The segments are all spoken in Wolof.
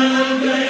Hallelujah.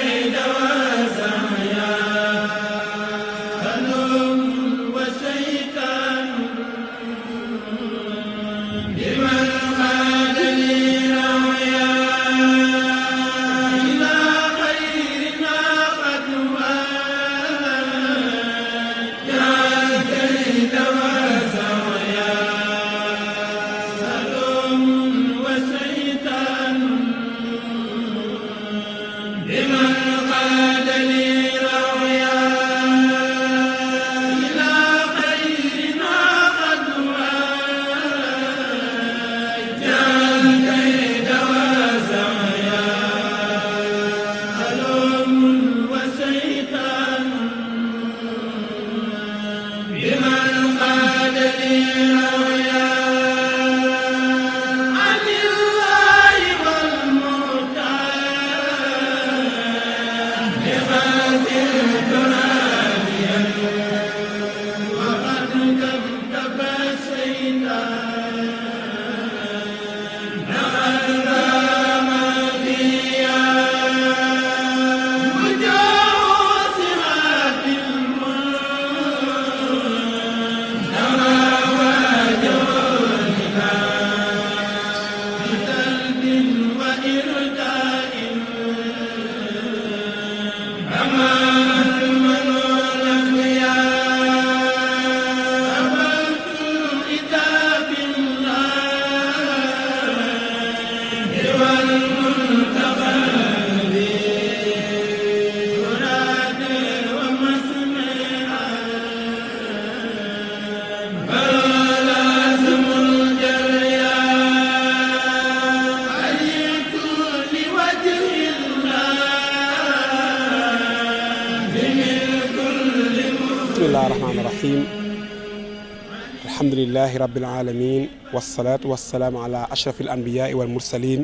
لله رب العالمين والصلاة والسلام على أشرف الأنبياء والمرسلين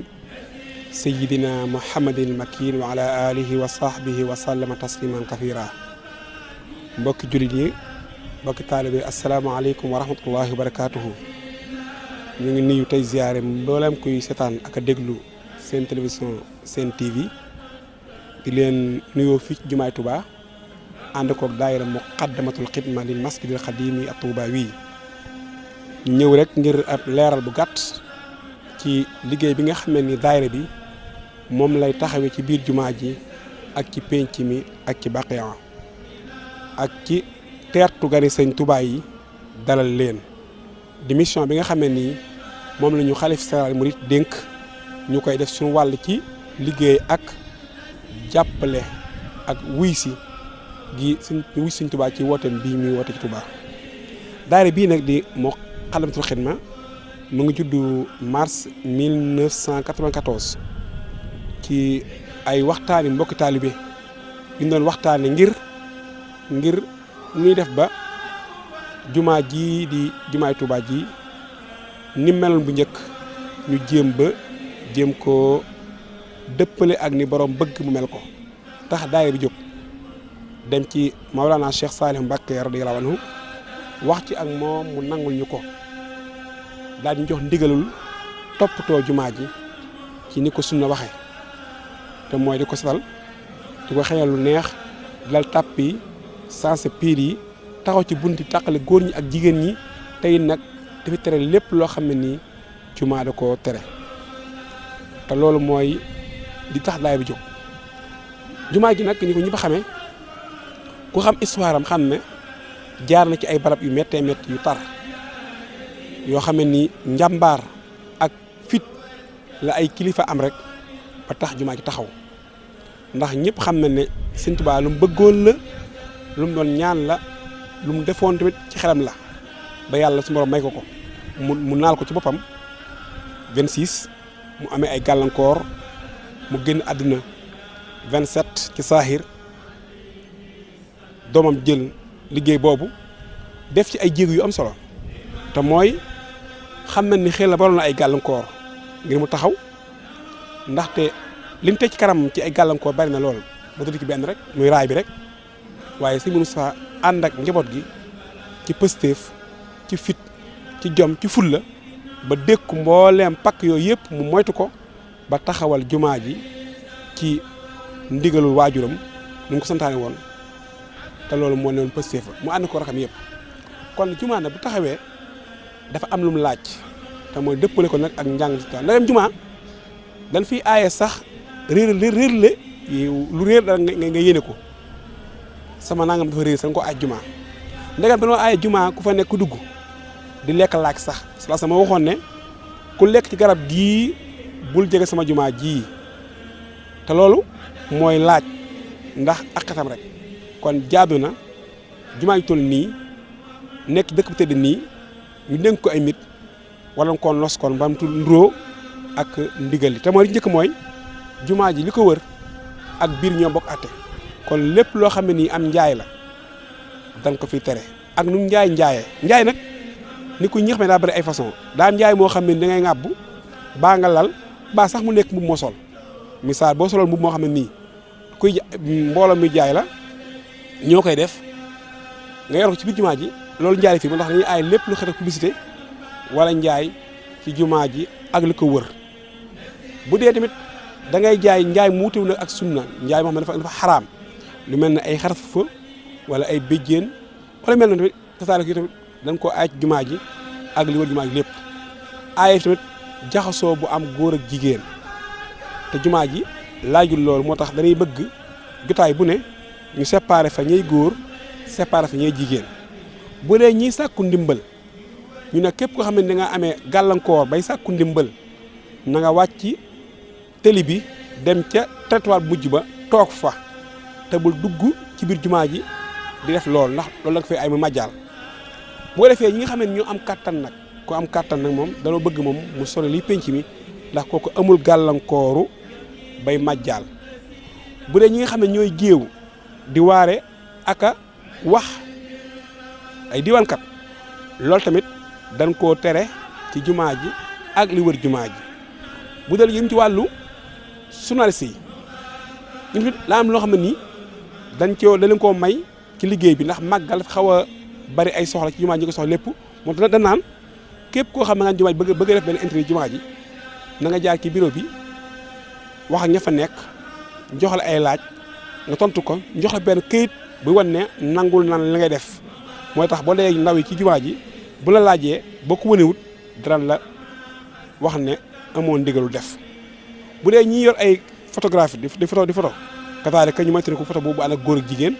سيدنا محمد المكين وعلى آله وصحبه وسلم تسليما كثيرا بك جريدي بك طالبي السلام عليكم ورحمة الله وبركاته نيو نيو تاي زيارة مبولم كوي سيطان أكا دقلو سين تلفزيون سين تي في دلين نيو فيك جمعي توبا عندكو دائرة مقدمة القدمة للمسجد القديم الطوباوي ñëw rek ngir ab leeral bu gàtt ci liggéey bi nga xam ni daayira bi moom lay taxawee ci biir jumaa ji ak ci pénc mi ak ci baqiya ak ci teertu gani sëñ tubaay yi dalal leen di bi nga xam ni nii moom la ñu xalif général murit dénk ñu koy def suñu wàll ci liggéey ak jàppale ak wuy si gi suñ wuy suñ Tuubaa ci wooteem bii muy woote ci Tuubaa daayira bii nag di moo xalamatul xidma mu ngi judd mars 1994 ci ay waxtaani mbokki taalibe ñu doon waxtaane ngir ngir ñuy def ba jumaa ji di jumaay Tuubaa ji ni meloon bu njëkk ñu jéem ba jéem ko dëppale ak ni borom bëgg mu mel ko tax daayira bi jóg dem ci Maolana Cheikh Salih Mbacké radiyallahu anhu wax ci ak mom mu nangul ñuko dal daal jox ndigalul toppatoo to ji ci niko sunna waxe te moy diko sal diko xeyal lu neex dal tapi sans pire yi taxaw ci bunti takale goor ñi ak jigen ñi tay nak tere lepp lo xamni da ko tere te lolu moy di tax lay bi jox jumaa ji nag ñi ñi ba ku xam histoire am jaar na ci ay barab yu méttee metti yu tar yo ak fit la ay kilifa am rek ba tax juma ci taxaw ndax ñepp xam na ne seigne touba lu mu la lu mu doon ñaan la lu mu defoon tamit ci xaram la ba yalla su may ko ko mu ko ci bopam 26 mu amé ay gàllankoor mu genn aduna 27 ci sahir domam jël. liggéey boobu def ci ay jéego yu am solo te mooy xam na ni xëy na baroon na ay gàllankoor ngir mu taxaw ndaxte liñ teg ci kanam ci ay gàllankoor bari na lool ba tudd ci benn rek muy raay bi rek waaye Sëñ Moustapha ànd ak njaboot gi ci pësteef ci fit ci jom ci fulla ba dékku mbooleem pakk yooyu yëpp mu moytu ko ba taxawal jumaa ji ci ndigalul waajuram mu ko santaane woon te loolu moo newoon pas fa mu ànd ko raxam yëpp kon juma na bu taxawee dafa am lu mu laaj te mooy dëppale ko nag ak njàng si na dem juma dañ fi aaye sax réer réer le lu réer da nga yéene ko sama nangam dafa réer sax ko aaj juma ndegam dañoo aaye jumaa ku fa nekk dugg di lekk laaj sax sala sama waxoon ne ku lekk ci garab gii bul jege sama juma ji te loolu mooy laaj ndax akatam rek kon jaadu na jumaa ju toll nii nekk dëkk bu tëdd nii ñu dénk ko ay mit wala nga koon los koon ba mu ak ndigal li te mooy njëkk mooy jumaa ji li ko wër ak biir ñoo bokk àtte kon lépp loo xam ne nii am njaay la danga ko fi tere ak nu njaay njaayee njaay nag ni ku ñi xam ne daa bari ay façon daa njaay moo xam ne dangay da ŋàbbu baa nga lal baa sax mu nekk mbubb moo sol misaal boo solol mbubb moo xam ne nii kuy mbooloo mi jaay la ñoo koy def nga yor ko ci biir jumaa ji loolu njaay fii moo tax dañuy aay lépp lu xet ak publicité wala njaay ci jumaa ji ak lu ko wër bu dee tamit dangay jaay njaay mu wutewu nag ak sunna njaay moo xam ne dafa xaraam lu mel ne ay xar fa wala ay béjjéen wala mel na tamit tasaare ko tamit dañ ko aay jumaa ji ak li wër jumaa ji lépp aay tamit jaxasoo bu am góor ak jigéen te jumaa ji laajul loolu moo tax dañuy bëgg jotaay bu ne ñu séparé fa ñay góor séparé fa ñay jigéen bu dee ñiy sàkku ndimbal ñu ne képp koo xam ne da nga amee gàllankoor bay sàkku ndimbal nanga nga wàcc tëli bi dem ca trottoir bu mujj ba toog fa te bul dugg ci biir jumaa ji di def lool ndax loolu la ko fay ay ma màjjaal boo defee ñi nga xam ne ñu am kàttan nag ku am kàttan nag moom danoo bëgg moom mu solo li penc mi ndax kooku amul gàllankooru bay màjjaal bu dee ñi nga xam ne ñooy géew di aka wah, a wax ay kat lol tamit dan ko téré ci jumaa ji ak li wër jumaa ji bu dal yëm ci walu journaliste yi ñu fit la am lo xamni dan ci dañ da leen ko may ci liggéey bi ndax magal xawa bari ay soxla ci jumaaji ji ko soxla lepp mo tax da naan kep ko xam nga naan jumaaji ji bëgg bëgg def ben interview na nga jaar ci bureau bi wax ak fa joxal ay laaj nga tontu ko jox la benn këyit bu wan ne nangul nan la ngay def mooy tax boo dee ndaw yi ci jumaa ji bu la laajee boo ko wënewut dara la wax ne amoon ndigalu def bu dee ñi yor ay photographie di di photo di photo kataare ñu ñu matériel ko photo boobu ànd ak góor ak jigéen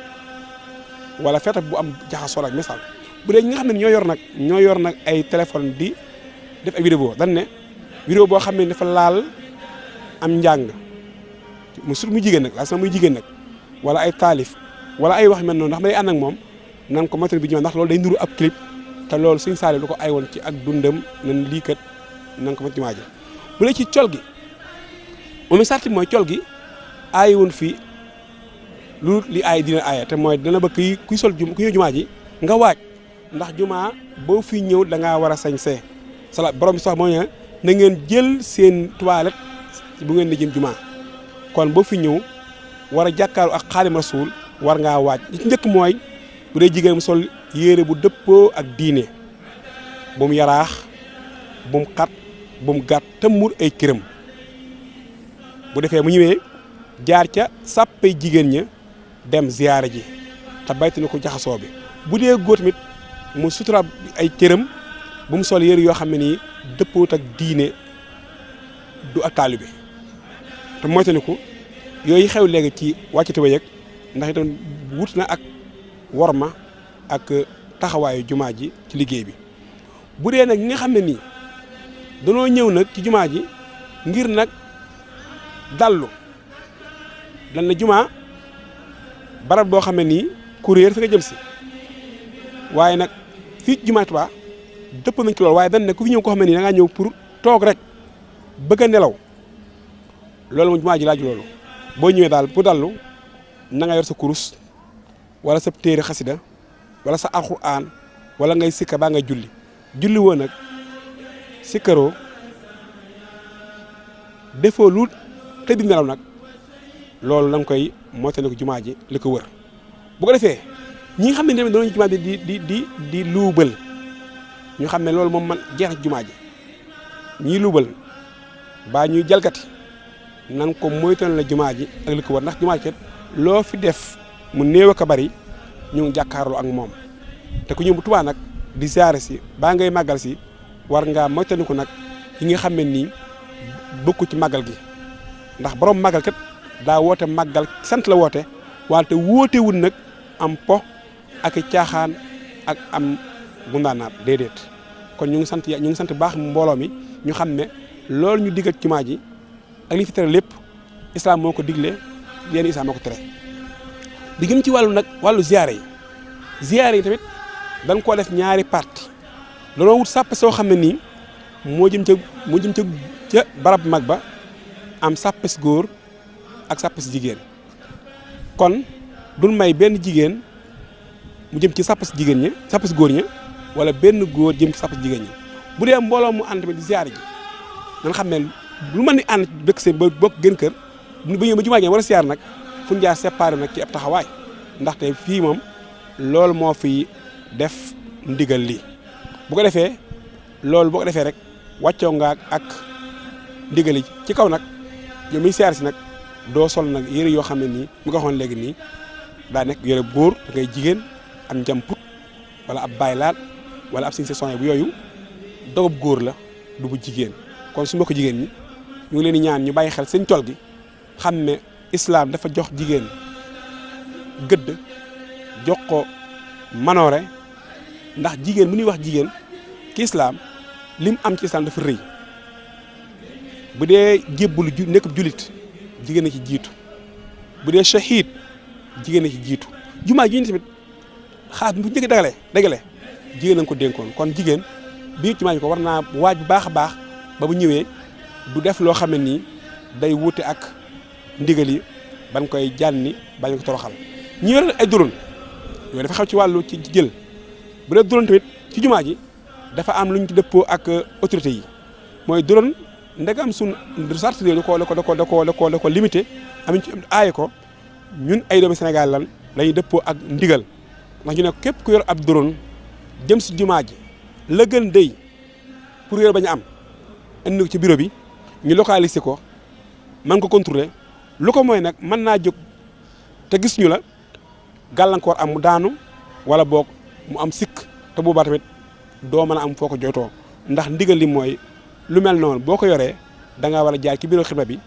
wala feeta bu am jaxasoo ak misaal bu dee ñi nga xam ne ñoo yor nag ñoo yor nag ay téléphone di def ay boo dañ ne vidéo boo xam ne dafa laal am njàng mu sur mu jigéen nag laal sama muy jigéen nag wala ay taalif wala ay wax mel noonu ndax ma ànd ak moom nan ko matériel bi ñëw ndax loolu day nuru ab clip te loolu suñ saali lu ko ay woon ci ak dundam nan lii kat nan ko matériel ji bu la ci col gi moom sarti mooy col gi aay woon fii lu li aay dina aaya te mooy dana bëgg kuy kuy sol jum ku ñëw jumaa ji nga waaj ndax jumaa boo fi ñëw da ngaa war a sañsee sala borom bi sax moo ne na ngeen jël seen toilette bu ngeen di jëm jumaa kon boo fi ñëw war a jàkkaaru ak xaadim rasul war ngaa waaj li ci njëkk mooy bu dee jigéen mu sol yére bu dëppoo ak diine bu yaraax bu xat bu mu gàtt te ay këram bu defee mu ñëwee jaar ca sàppay jigéen ña dem ziyaara ji te baytu ko jaxasoo bi bu dee góor tamit mu sutura ay këram bu mu sol yére yoo xam ne nii dëppoot ak diine du ak taalibe te moytaniku yooyu xew léegi ci wàcc tuba yëg ndax itam wut na ak ma ak euh, taxawaayu jumaa ji ci liggéey bi bu dee nag ñi nga xam ne nii danoo ñëw nag ci jumaa ji ngir nag dallu lan la jumaa barab boo xam ne nii kuréer fi nga jëm si waaye nag fii jumaa Tuubaa dëpp nañ ci loolu waaye dañ ku fi ñëw koo xam ne nii da ñëw pour toog rek bëgg a nelaw loolu moom jumaa ji laaju loolu boo ñëwee daal bu dallu na yor sa kurus wala sa téere xasida wala sa aan wala ngay sikka baa ngay julli julli woo nag sikkaroo defoo lu tëdd nelaw nag loolu na nga koy moytandiku jumaa ji li ko wër bu ko defee ñi xam ne tamit danañu jumaa ji di di di di luubal ñu xam ne loolu moom man jeex na jumaa ji ñiy luubal baa ñuy jalgati nan ko moytal la jumaa ji ak li ko war ndax jumaa ji loo fi def mu néew ak a bari ñu ngi jàkkaarloo ak moom te ku ñëw bu Tuubaa nag di siyaare si baa ngay màggal si war ngaa moytandiku nag yi nga xam ne nii bokku ci màggal gi ndax borom màggal kat daa woote màggal sant la woote wante wootewul nag am po ak caaxaan ak am gundaanaat déedéet kon ñu ngi sant ñu ngi sant baax mbooloo mi ñu xam ne loolu ñu digal ci ji ak li fi tere lépp islam moo ko digle yenn islam moo ko tere di jëm ci wàllu nag wàllu ziyaare yi ziyaare yi tamit dañ koo def ñaari parti looloo wut sàppe soo xam ne nii moo jëm ca moo jëm ca ca barab mag ba am sàppe si góor ak sàppe si jigéen kon duñ may benn jigéen mu jëm ci sàppe si jigéen ñi sàppe si góor ña wala benn góor jëm ci sàppe si jigéen ñi bu dee mbooloo mu ànd tamit di ziyaare ji nan xam ne lu mën ni ànd dëkk seen ba bokk gën kër ba ñëw ba jumaa ji war a siyaar nag fu ñu jaar séparé nag ci ab taxawaay ndaxte fii moom loolu moo fi def ndigal lii bu ko defee loolu boo ko defee rek wàccoo nga ak ndigal yi ci kaw nag yow miy siyaar si nag doo sol nag yëre yoo xam ne nii mu ko waxoon léegi nii daa nekk yëre góor ngay jigéen am wala ab baay laal wala ab sin saison yooyu dogub góor la du bu jigéen kon su ma ko jigéen ñi ñu ngi leen di ñaan ñu bàyyi xel seen col gi xam ne islaam dafa jox jigéen gëdd jox ko manoore ndax jigéen bu ñuy wax jigéen ki islaam lim am ci islaam dafa rëy bu dee jébbulu ju nekkub julit jigéen a ci jiitu bu dee shahid jigéen a ci jiitu jumaa ji tamit xaas bu njëkk dagale dagale jigéen a ko dénkoon kon jigéen biir jumaa ji ko war naa waaj bu baax a baax ba bu ñëwee du def loo xam ne nii day wuute ak ndigal yi bañ koy jànni bañ ko toroxal ñi yor ay drone yooyu dafa xam ci wàllu ci jël bu dee drone tamit ci jumaa ji dafa am lu ñu ci dëppoo ak euh, autorité yi mooy drone ndegam suñ charte réew da ko da ko da ko da ko da ko limité am ci aaye ko ñun ay doomi Sénégal lan la ak ndigal ndax ñu ne képp ku yor ab drone jëm si jumaa ji la gën dey pour réer ba am indi ko ci bureau bi ñu localiser ko man ko contrôler lu ko mooy nag mën naa jóg te gis ñu la gàllankoor am mu daanu wala boog mu am sikk te boobaa tamit doo mën a am foo ko jooytoo ndax ndigal li mooy lu mel noonu boo ko yoree da ngaa war a jaar ci bureau xidma bi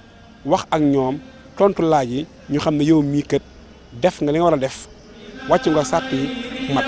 wax ak ñoom tontu laaj yi ñu xam ne yow mii kat def nga li nga war a def wàcc nga sàtt yi mat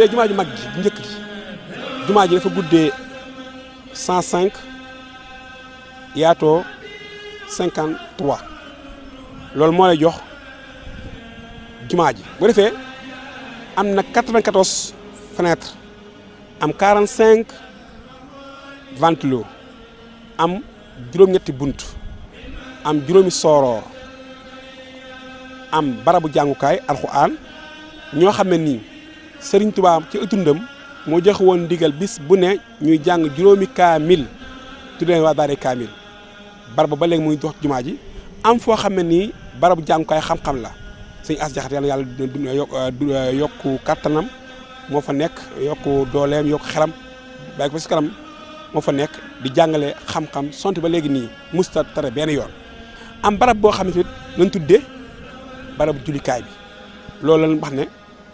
dee jumaa ju mag dafa goudé 105 cinq 53 cinquante mo lay jox am na fenêtres am 45 ventilo am djuroom ñetti am djuroomi soro am barabu ño sëriñ Tuubaa ci ëttundam moo jox woon ndigal bis bu ne ñuy jàng juróomi kaamil tuddee waa daare kaamil barab ba léegi muy dox jumaa ji am foo xam ne nii barabu jàngukaay xam-xam la sëñ as jaxat yàlla yàlla euh, yokku kattanam moo fa nekk yokku dooleem yokku xelam bàyyi ko ba moo fa nekk di jàngale xam-xam sonte ba léegi nii musta tare benn yoon am barab boo xam ne tamit lañ tuddee barabu jullikaay bi loolu lañ wax ne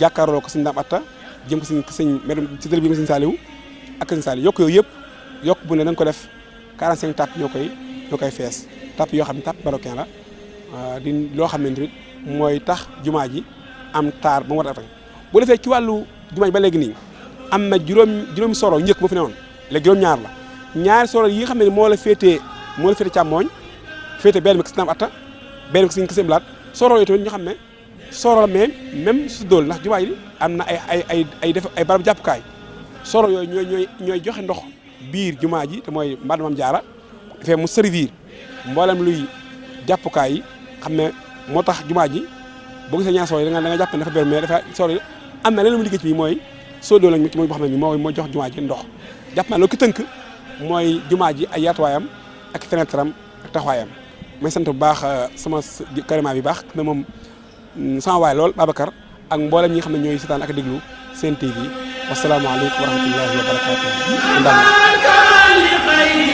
jàkkaarloo ko sëñ Dame Atta jëm ko sëñ sëñ si dël bi ma sëñ Saliou ak sëñ Saliou yokk yooyu yëpp yokk bu ne nañ ko def 45 tàpp ñoo koy ñoo koy fees tàpp yoo xam ne tàpp marocain la ah, di loo xam ne tamit mooy tax jumaa ji am taar ba mu war a defee ci wàllu jumaa ba léegi nii am na juróom juróomi soro njëkk ba fi newoon léegi juróom-ñaar la ñaari soro yi nga xam ne moo la féetee moo la féetee càmmooñ féetee benn bi ko si Dame Atta benn bi Blaat soro yooyu tamit ñu xam ne soral mem même su dol ndax jumaa yi am na ay ay ay ay def ay barab kay soro yoy ñoy ñoy ñoy joxe ndox bir juma ji te mooy mbadamam jaara fe mu servir mbolam luy kay yi xamne motax juma ji bu gisee ñaar soro yi da nga da nga jàpp ne dafa bëri mais dafa soro yi am mu ligge ci moy so dol dool lañ ci mooy boo xam ne jox juma ji ndox japp na lo ki teunk moy juma ji ay yatwayam ak fenetram ak taxwayam may sante bu baax euh, sama karima bi baax ne mom Mm, sama waay lool Babacar ak mboolem ñi nga xam ne ñooy seetaan ak déglu seen TV wasalaamaaleykum wa rahmatullahi wa barakaatu.